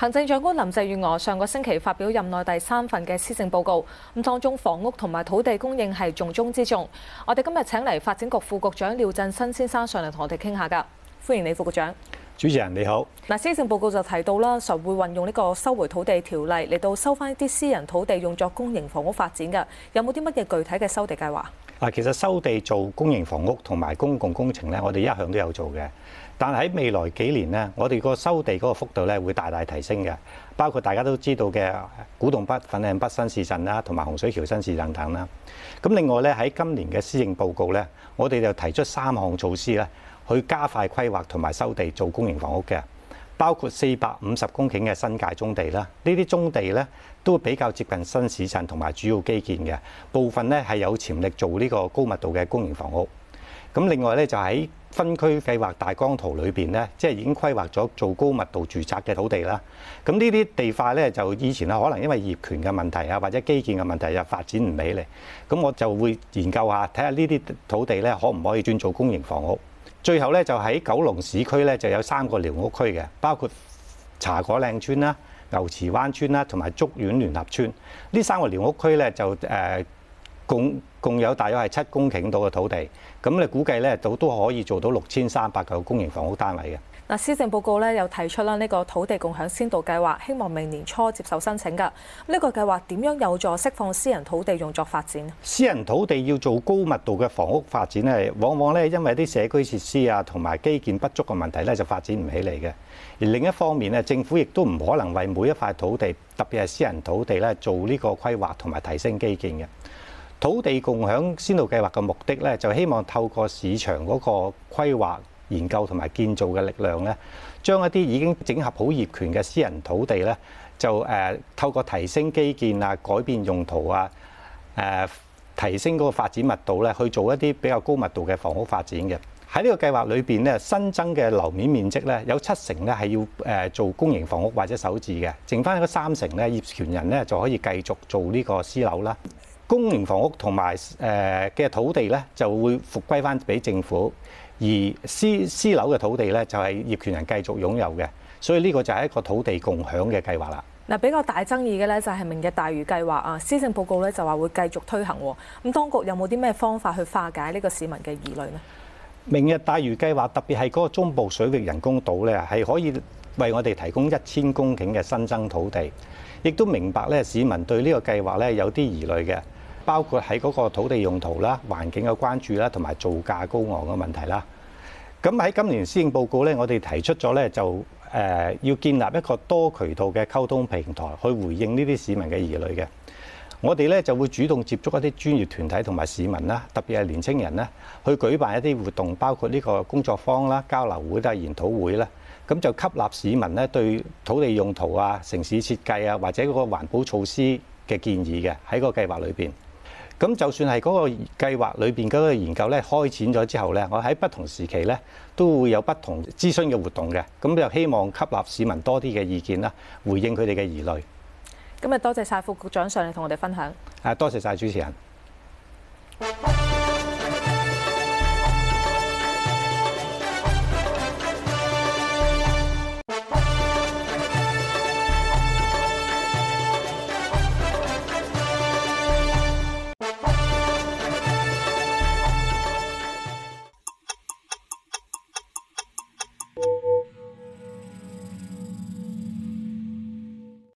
行政長官林鄭月娥上個星期發表任內第三份嘅施政報告，咁當中房屋同埋土地供應係重中之重。我哋今日請嚟發展局副局長廖振新先生上嚟同我哋傾下㗎，歡迎你副局長。主持人你好，嗱，施政報告就提到啦，將會運用呢個收回土地條例嚟到收翻一啲私人土地用作公營房屋發展嘅，有冇啲乜嘢具體嘅收地計劃？啊，其實收地做公營房屋同埋公共工程咧，我哋一向都有做嘅，但喺未來幾年咧，我哋個收地嗰個幅度咧會大大提升嘅，包括大家都知道嘅古洞北、粉嶺北新市鎮啦，同埋洪水橋新市鎮等等啦。咁另外咧喺今年嘅施政報告咧，我哋就提出三項措施啦。去加快規劃同埋收地做公營房屋嘅，包括四百五十公頃嘅新界棕地啦。呢啲棕地咧都比較接近新市鎮同埋主要基建嘅部分咧，係有潛力做呢個高密度嘅公營房屋。咁另外咧就喺分區計劃大綱圖裏邊咧，即係已經規劃咗做高密度住宅嘅土地啦。咁呢啲地塊咧就以前咧可能因為業權嘅問題啊，或者基建嘅問題就發展唔起嚟。咁我就會研究下睇下呢啲土地咧可唔可以轉做公營房屋。最後呢，就喺九龍市區呢，就有三個寮屋區嘅，包括茶果嶺村啦、牛池灣村啦，同埋竹園聯合村。呢三個寮屋區呢，就呃共共有大約係七公頃到嘅土地，咁你估計咧都都可以做到六千三百個公營房屋單位嘅。嗱，施政報告咧又提出啦，呢個土地共享先導計劃，希望明年初接受申請嘅。呢個計劃點樣有助釋放私人土地用作發展呢？私人土地要做高密度嘅房屋發展咧，往往咧因為啲社區設施啊同埋基建不足嘅問題咧就發展唔起嚟嘅。而另一方面咧，政府亦都唔可能為每一塊土地，特別係私人土地咧做呢個規劃同埋提升基建嘅。土地共享先導計劃嘅目的呢，就希望透過市場嗰個規劃研究同埋建造嘅力量呢，將一啲已經整合好業權嘅私人土地呢，就透過提升基建啊改變用途啊，公營房屋同埋誒嘅土地咧，就會復歸翻俾政府；而私私樓嘅土地咧，就係業權人繼續擁有嘅。所以呢個就係一個土地共享嘅計劃啦。嗱，比較大爭議嘅咧，就係明日大嶼計劃啊。施政報告咧就話會繼續推行。咁當局有冇啲咩方法去化解呢個市民嘅疑慮呢？明日大嶼計劃特別係嗰個中部水域人工島咧，係可以為我哋提供一千公頃嘅新增土地。亦都明白咧，市民對呢個計劃咧有啲疑慮嘅。包括喺嗰個土地用途啦、環境嘅關注啦，同埋造價高昂嘅問題啦。咁喺今年施政報告咧，我哋提出咗咧就誒、呃、要建立一個多渠道嘅溝通平台，去回應呢啲市民嘅疑慮嘅。我哋咧就會主動接觸一啲專業團體同埋市民啦，特別係年青人咧，去舉辦一啲活動，包括呢個工作坊啦、交流會啦、研討會啦。咁就吸納市民咧對土地用途啊、城市設計啊，或者嗰個環保措施嘅建議嘅喺個計劃裏邊。咁就算係嗰個計劃裏邊嗰個研究咧，開展咗之後咧，我喺不同時期咧都會有不同諮詢嘅活動嘅，咁就希望吸納市民多啲嘅意見啦，回應佢哋嘅疑慮。咁啊，多謝晒副局長上嚟同我哋分享。誒，多謝晒主持人。